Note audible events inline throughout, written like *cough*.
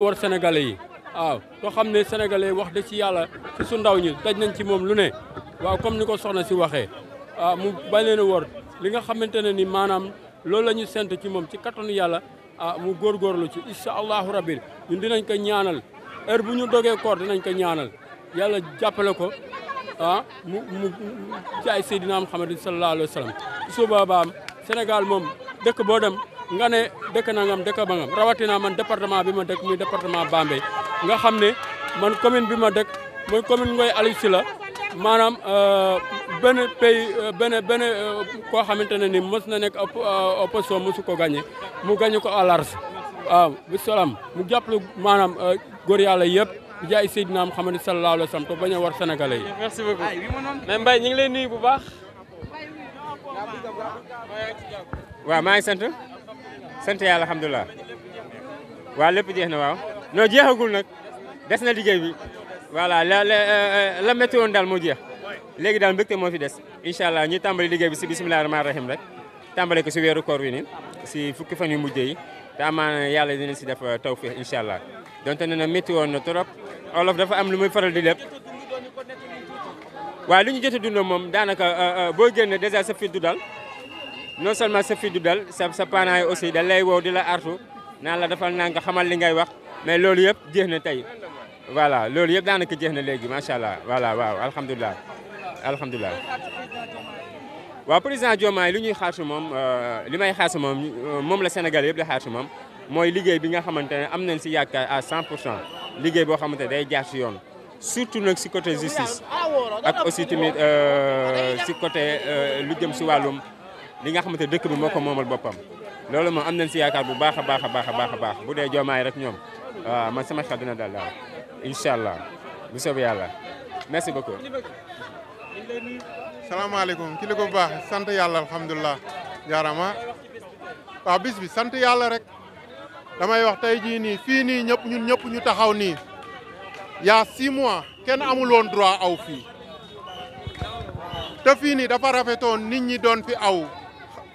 war sénégalais yi waaw soo xam ne sénégalais wax dëgg ci yàlla ci su ndaw ñi daj nañ ci moom lu ne waaw comme ni ko soxna si waxee waaw ah, mu bañ leen a wor li nga xamante ne ni maanaam loolu la ñu séntu ci moom ci kattanu yàlla ah mu lu ci incha allahu rabbi ñun dinañ ko ñaanal heure bu ñu dogee koor dinañ ko ñaanal yàlla jàppale ko ah mu mu ci ay seydina Muhammad sallallahu alayhi wa sallam moom dëkk boo nga ne dëkk nangam dëkk bangam rawatina man département bi ma dëkk muy département Bambey nga xam ne man commune bi ma dëkk mooy commune Ngoye Aliou Sylla maanaam euh, benn pays euh, benn benn euh, koo xamante ne ni mës na nekk a opposition mosu ko gagné mu gagné ko à large waaw bisalaam mu jàppale maanaam góor yàlla yëpp jaay Seydina Muhammad sallallahu alayhi wa sallam to bañ war sénégalais yi. merci beaucoup mais Mbaye ñu ngi bu baax. waaw maa ngi sant. sant yàlla alhamdullah wa lépp jeex na waaw no jeexagul nak dess na ligey bi wala la la métti won dal mo jeex legui dal mbekté mo fi dess inshallah allah ñu tàmbali ligey bi ci bismillahir rahmanir rahim rek tàmbale ko ci wéru koor wi ni ci fukki fan yu mujjé yi da amaana yàlla dina ci def tawfiq inshallah donte na métti won na torop olof dafa am lu muy faral di lépp wa li ñu dund mom danaka bo génne dèjà sa fi du daal non seulement ce fi du dal sa sa parents aussi da lay woo di la artu naan la defal naa nga xamal li ngay wax mais lolu yeb jeex na tey voilà loolu yëpp daanaka jeex na léegi macha voilà waaw alhamdulilah alhamdulilah. wa président Diomaye li ñuy xaar si moom euh, li may xaar si moom moom la Sénégal yeb la xaar si moom mooy liggéey bi nga xamantene ne am nañ si yaakaar à 100 liguey bo xamantene day jaar ci yoon. surtout nak ci côté justice ak aussi euh ci côté euh lu jëm ci walum li nga xamante dëkk bi moko momal bopam boppam loolu moom am nañ si yaakaar bu baax a baax a baax bu dee joomaay rek ñom waaw man sama xel dina dal daal inshallah allah bu soobee yalla merci beaucoup. alaykum ki li ko baax sante yalla alhamdullah jaarama wa bis bi sante yalla rek damay wax tay ji ni fi ni ñep ñun ñep ñu taxaw ni ya 6 mois ken amul won droit aw fi te fi ni dafa rafeton nit ñi don fi aw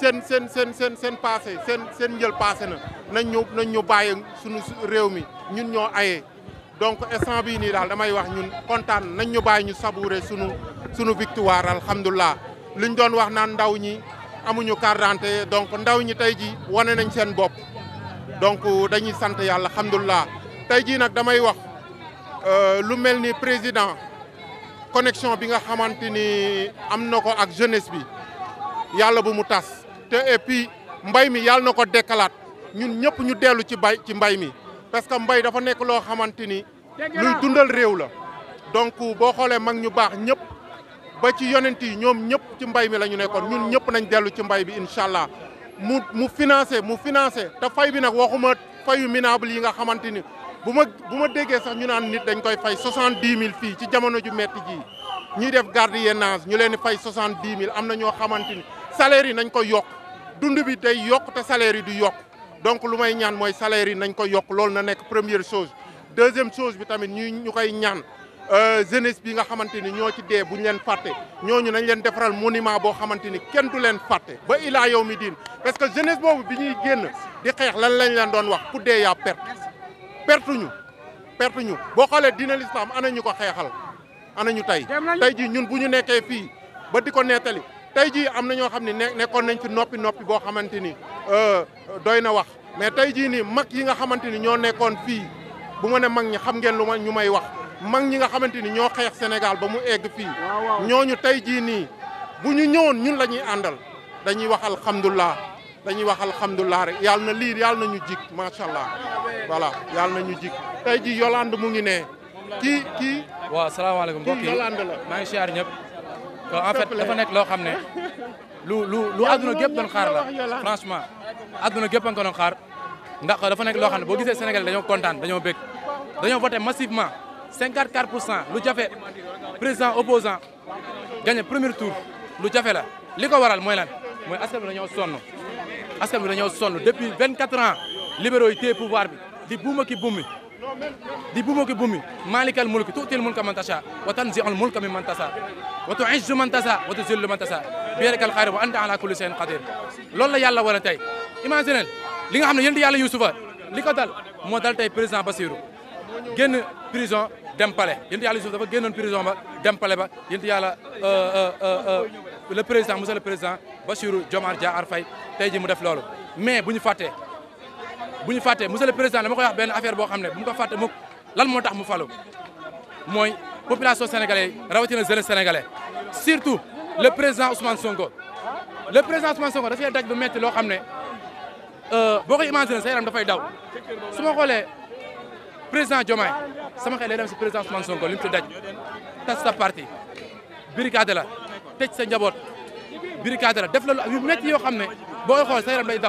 seen seen seen seen seen passé seen seen njël passé na nañ ñu nañ ñu bàyyi suñu réew mi ñun ñoo ayee donc instant bii nii daal damay wax ñun kontaan nañ ñu bàyyi ñu sabure suñu suñu victoire alhamdulilah liñ doon wax naan ndaw ñi amuñu carte d'identité donc ndaw ñi tey ji wane nañ seen bopp donc dañuy sant yàlla alhamdulilah tey jii nag damay wax euh, lu mel ni président connexion bi nga xamante ni am na ko ak jeunesse bi yàlla bu mu tas te et puis mbay mi yàlla na ko dekkalaat ñun ñëpp ñu dellu ci bay ci mbay mi parce que mbay dafa nekk loo xamante ni luy dundal réew la donc boo xoolee mag ñu baax ñëpp ba ci yonent yi ñoom ñëpp ci mbay mi la ñu nekkoon ñun ñëpp nañ dellu ci mbay bi incha allah mu mu financé mu financé te fay bi nag waxuma fayu minable yi nga xamante ni bu ma bu ma déggee sax ñu naan nit dañ koy fay soixante dix mille fii ci jamono ju metti ji ñuy def gardiennage ñu leen di fay soixante dix mille am na ñoo xamante ni yi nañ koy yokk dund bi day yokk ta salaire du yok donc lu may ñaan moy salaire yi nañ ko yok loolu na nek première chose deuxième chose bi tamit ñu ñu koy ñaan euh, jeunesse bi nga xamanteni ño ci dé bu ñu faté ñoñu nañ leen défaral monument bo xamanteni ni du leen faté ba ila yow parce que jeunesse bobu bi ñuy génn di xex lan lañ leen doon wax ku dee yaa perte perte ñu perte ñu boo xoolee dina lislaam ana ñu ko xeexal ana ñu tay tay ji ñun bu ñu nekkee fii ba diko ko tey amna am nekon ñoo nopi nopi nañ ci nopi nopi bo xamanteni ni euh, doyna wax mais tey jii nii mag yi nga xamanteni ño nekkon fi buma ne mag ñi xam ngeen luma ñu may wax mag ñi nga xamanteni ni xex senegal ba mu egg fi ñooñu tey jii ni bu ñu ñëwoon ñun lañuy andal dañuy wax alhamdullah dañuy wax alhamdullah rek yalla na lire yalla na ñu jik sha allah voilà yalla na jik Yolande mu ngi ne ki ki wa assalamu alaykum Yolande la ma ngi ñep en fait dafa nek lo xam lu lu lu aduna gep doon xaar la franchement aduna gep a nga ko doon xaar ndax dafa nek lo xam bo boo gisee Sénégal dañoo kontaan dañoo bëgg dañoo voté massivement 54 lu jafé président opposant gagné premier tour lu jafé la liko waral moy lan moy askan bi dañoo sonn askan bi dañoo sonn depuis 24 ans libéraux yi téye pouvoir bi di buuma ki buumi دي بومك بومي مالك الملك تؤتي الملك من تشاء وتنزع الملك من من تشاء وتعز من تشاء وتذل من تشاء بيرك الخير وانت على كل شيء قدير لولا يالا ورا تاي ايماجينال ليغا خامني يندي يالا يوسف لي كو دال مو دال تاي بريزون باسيرو ген بريزون ديم بالي يندي يالا يوسف دا генون بريزون با ديم بالي با يندي يالا ا ا ا le président monsieur le président bassirou diomar diar fay tay ji mu def lolu mais buñu faté buñu monsieur le président dama koy wax affaire bo ne ko lan tax mu population sénégalaise sénégalais surtout le président Ousmane Sonko. le président Ousmane Sonko dafay daj bu metti lo xamné euh imaginer sa da fay daw président Diomaye sama lay dem président Ousmane Sonko ci daj sa parti la sa njabot le def la metti yo day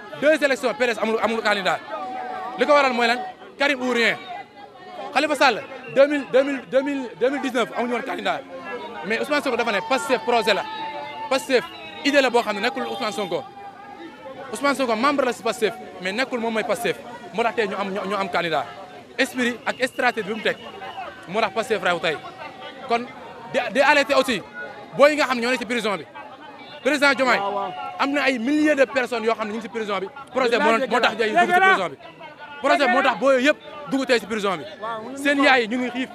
deux élections PDS amul amul candidat liko waral moy lan Karim ou rien Khalifa Sall 2000 2000 2000 2019 deux mille deux candidat mais Ousmane Sonko dafa ne Pastef projet la Pastef idée la bo xamné nekul Ousmane Sonko Ousmane Sonko membre la ci Pastef mais nekul mom mooy Pastef moo tax ñu am ñu am candidat esprit ak stratégie bi mu teg moo tax Pastef raw tey kon di alerter aussi boy nga xam ñoo ne ci prison bi. président Diomaye am na ay milliers de personnes yoo xam ne ñu ngi si prison bi projet moo tax jay dugg bi projet moo tax yëpp dugg tey si prison bi seen yaay ngi xiif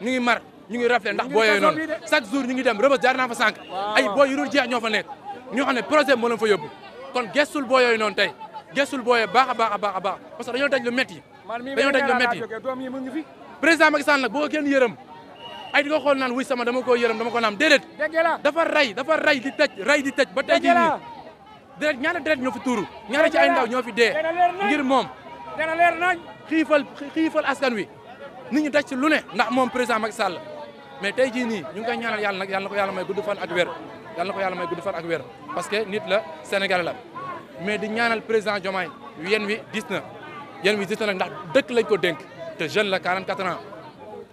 ñu ngi mar ñu rafle ndax booyooyu noonu chaque jour ñu ngi dem rëbës jaar naa fa sànq ay booy yu jeex ñoo fa nekk ñoo xam ne projet moo leen fa yóbbu kon gestul booyooyu noonu tey gestul booyoo baax a baax a baax a baax parce que dañoo daj lu métti dañoo daj lu métti président Macky Sall nag boo ko yërëm ay di nga xool naan wuy sama dama ko yërëm dama ko naam déedéet dafa ray dafa ray di tëj ray di tëj ba tey jii nii déedéet ñaata ñoo fi tuuru ñaata ci ay ndaw ñoo fi dee ngir moom dana leer nañ xiifal xiifal askan wi nit ñu daj ci lu ne ndax moom président mag Sall mais tey jii nii ñu ngi koy ñaanal yàlla nag yàlla na ko yàlla may gudd fan ak wér yàlla ko yàlla may gudd fan ak wér parce que nit la Sénégal la mais di ñaanal président Diomaye yéen wi dis na yéen wi dis na nag ndax dëkk lañ ko dénk te jeune la 44 ans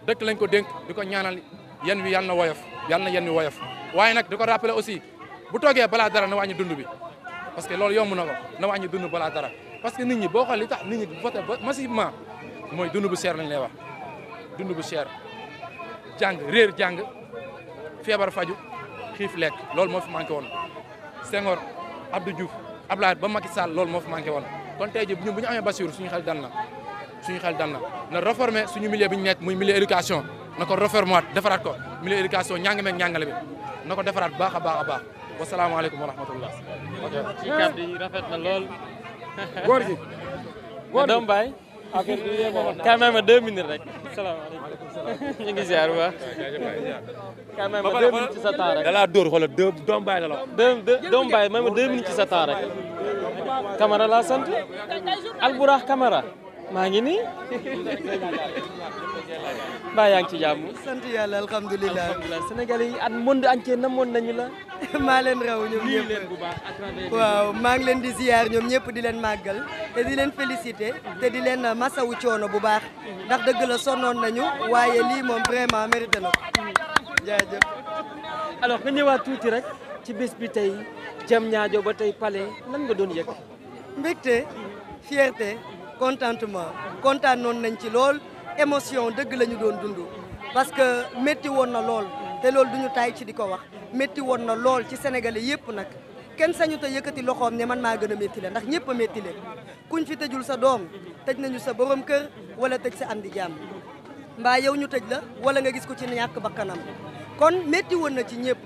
dekk lañ ko denk diko ñaanal yenn wi yalla na woyof yal na wi woyof waye nak diko ko rappelé aussi bu toogee bala dara na wañu dund bi parce que loolu yomb na ko na wañu dund bala dara parce que nit ñi bo xol li tax nit ñi voté massivement moy dund bu cher lañ lay wax dund bu cher jang réer jang feebar faju xif lek loolu mo fi manqué won Senghor Abdou Diouf ablaye ba makissal Sall mo fi manqué won kon tay ji bu ñu bu ñu amee Bassirou suñu xel dal na suñu xel dal na na réformer suñu bi ñu nekk muy milieu éducation na ko réformer waat defaraat ko milieu éducation ñàng meeg ñàngale bi na ko defaraat baax a baax a baax wasalaamaaleykum wa rahmatullah ci rafet na lool *laughs* góor gi góor gi doom baay affaire rek salaamaaleykum *laughs* ñu ngi ziar bu baax quand même deux minutes ci sa temps rek da laa dóor xoolal deux ci sa temps rek Camara laa sant maa ngi nii mbaa yaa ngi ci jàmm. sant yàlla alhamdulilah alhamdulilah Sénégalais yi at monde entier namoon nañu la. *laughs* maa leen raw ñoom ñëpp waaw maa ngi leen di ziar ñoom ñëpp di leen màggal te di leen félicité te di leen masawu coono bu baax ndax dëgg la sonnoon nañu waaye lii moom vraiment mérité na ko jaajëf. alors nga ñëwaat tuuti rek ci bés bi tey jam ñaajo ba tey palais lan nga doon yëg. mbégte fierté. contentement kontaan noonu nañ ci lool émotion dëgg lañu doon dund parce que métti woon na lool te loolu du ñu taay ci di ko wax métti woon na lool ci sénégalais yëpp nag kenn sañu te yëkkati loxoom ne man maa gën a métti la ndax ñëpp a métti leen kuñ fi tëjul sa doom tëj nañu sa borom kër wala tëj sa am di jàmm mbaa yow ñu tëj la wala nga gis ko ci ñàkk bakkanam kon métti woon na ci ñëpp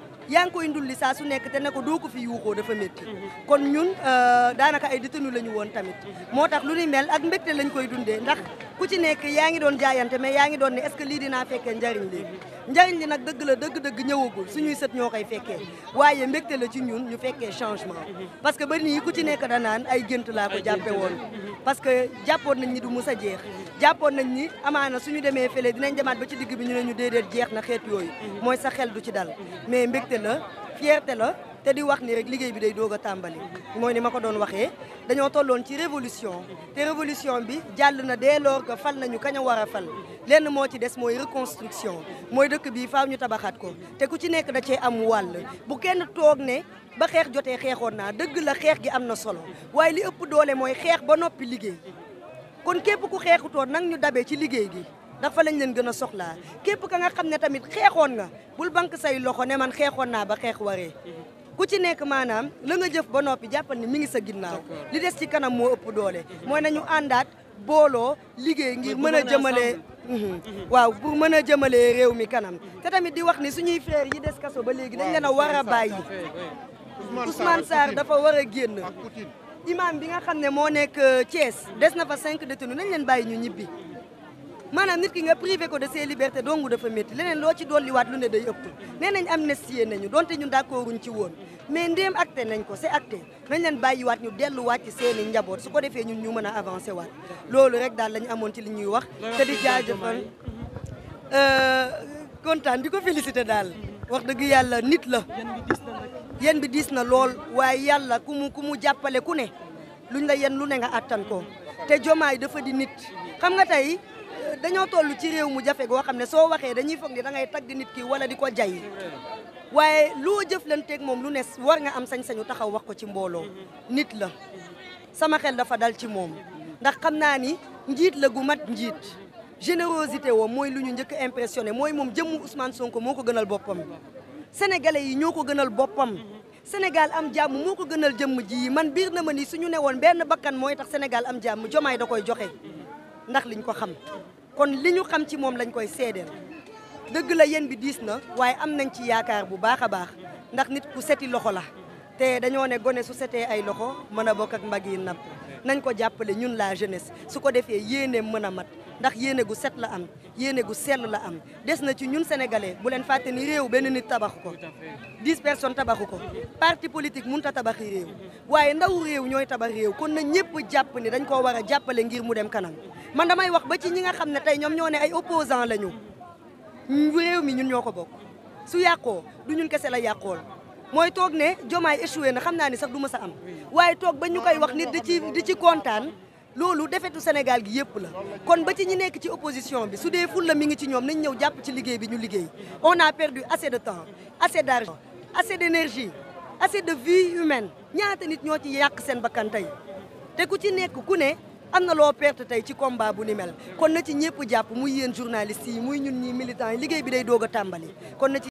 yaa ngi koy ndulli saa su nekk te ne ko doo ko fi yuuxoo dafa métti mhm. kon ñun euh, daanaka ay détenu la ñu woon tamit mhm. moo tax lu ni mel ak mbégte lañ koy dundee ndax ku ci nekk yaa ngi doon jaayante mais yaa ngi doon ne est-ce que lii dinaa fekkee njariñ li mhm. njariñ li nag dëgg la dëgg-dëgg ñëwagul suñuy sët ñoo koy fekkee waaye mbégte la ci ñun ñu fekkee changement parce que ba nii ku ci nekk danaan ay gént laa ko jàppe woon parce que jàppoon nañ ni du mus a jeex jàppoon nañ ni amana suñu démé félé dinañ démat ba ci digg bi ñu lañu ñu déedéet jeex na xéet yoy mhm. moy sa xel du ci dal mais mbékté la fierté la té di wax ni rek ligéy bi day doga tambali moy mhm. ni mako doon waxé dañoo tolloon ci révolution té révolution bi jall na dès lors que fal nañu kaña wara fal lenn mo ci des moy reconstruction moy dëkk bi faaw ñu tabaxat ko té ku ci nekk da ci am wall bu kenn tok né ba xeex jotee xeexoon naa dëgg la xeex gi amna solo waaye li ëpp doolé moy xeex ba nopi ligéy kon képp ku xeexutoon nag ñu dabee ci liggéey gi ndax lañ leen gën a soxlaa képp ka nga xam ne tamit xeexoon nga bul bank say loxo ne man xeexoon naa ba xeex waree ku ci nekk maanaam la nga jëf ba noppi jàppal ni mi ngi sa ginnaaw li des ci kanam moo ëpp doole mooy nañu àndaat booloo liggéey ngir mën a jëmalee mhm. waaw pour mën a jëmalee réew mi kanam te tamit di wax ni suñuy frères yi des kaso ba léegi dañ leen a war a bàyyi Ousmane Sarr dafa war a génn imam bi nga xam ne moo nekk cees euh, des na fa cinq détenus nañ leen bàyyi ñu ñibbi maanaam nit ki nga privé ko de ses libertés dongu dafa métti leneen loo ci dolliwaat lu ne day ëpp nee nañ amnistie nañu donte ñun d'accorduñ ci woon mais ndéem acté nañ ko c'est acté nañ leen bàyyiwaat ñu delluwaat ci seeni njaboot su ko defee ñun ñu mën a avancé waat loolu rek daal lañu amoon ci li ñuy wax te di jaajëfal euh, kontaan di ko félicité daal wax dëgg yàlla nit la yéen bi diis na lool waaye yàlla ku mu ku mu jàppale ku ne luñ la yenn lu ne nga attan ko te jomaay dafa di nit xam nga tey euh, dañoo toll ci réew mu jafe goo xam ne soo waxee dañuy foog ni da ngay tagg nit ki wala di ko jay waaye loo jëflanteeg moom lu ne war nga am sañ-sañu taxaw wax ko ci mbooloo nit la sama xel dafa dal ci moom ndax xam naa ni njiit la gu mat njiit générosité woo mooy lu ñu njëkk impressionné mooy moom jëmmu usmaan Sonko moo ko gënal boppam sénégalais yi ñoo ko gënal boppam. Sénégal am jàmm moo ko gënal jëmm ji man biir na ma ni suñu ne woon benn bakkan mooy tax Sénégal am jàmm jomaay da koy joxe ndax liñ ko xam kon li ñu xam ci moom lañ koy seedeel dëgg la yéen bi diis na waaye am nañ ci yaakaar bu baax a baax ndax nit ku seti loxo la. té dañu né goné su setee ay loxo mëna bok ak mbagi nap nañ ko jappalé ñun la jeunesse su ko défé yéné mëna mat ndax yéné gu set la am yéné gu sell la am des na ci ñun sénégalais bu len faté ni réew benn nit tabax ko 10 personnes tabax ko parti politique mënut a tabaxi réew waye ndaw réew ñoy tabax réew kon na ñëpp japp ni dañ ko wara jappalé ngir mu dem kanam man damay wax ba ci ñi nga xam ne tey ñoom ay opposants lañu réew mi ñun ñoko bok su yàqoo du ñun kese la yàqool moy tok né jomaay échoué na xamna ni sax duma sa am waye tok ba ñu wax nit di ci di ci contane loolu defetu Sénégal gi yépp la kon ba ci ñi nekk ci opposition bi su dee ful la mi ngi ci ñom nañ ñew japp ci liggéey bi ñu liggéey on a perdu assez de temps assez d'argent assez d'énergie assez de vie humaine ñaata nit ñoo ci yak sen bakkan tay té ku ci nekk ku né amna lo perte tay ci combat bu ni mel kon na ci ñepp japp muy yeen journalistes yi muy ñun ñi militants yi liggéey bi day doga tambali kon na ci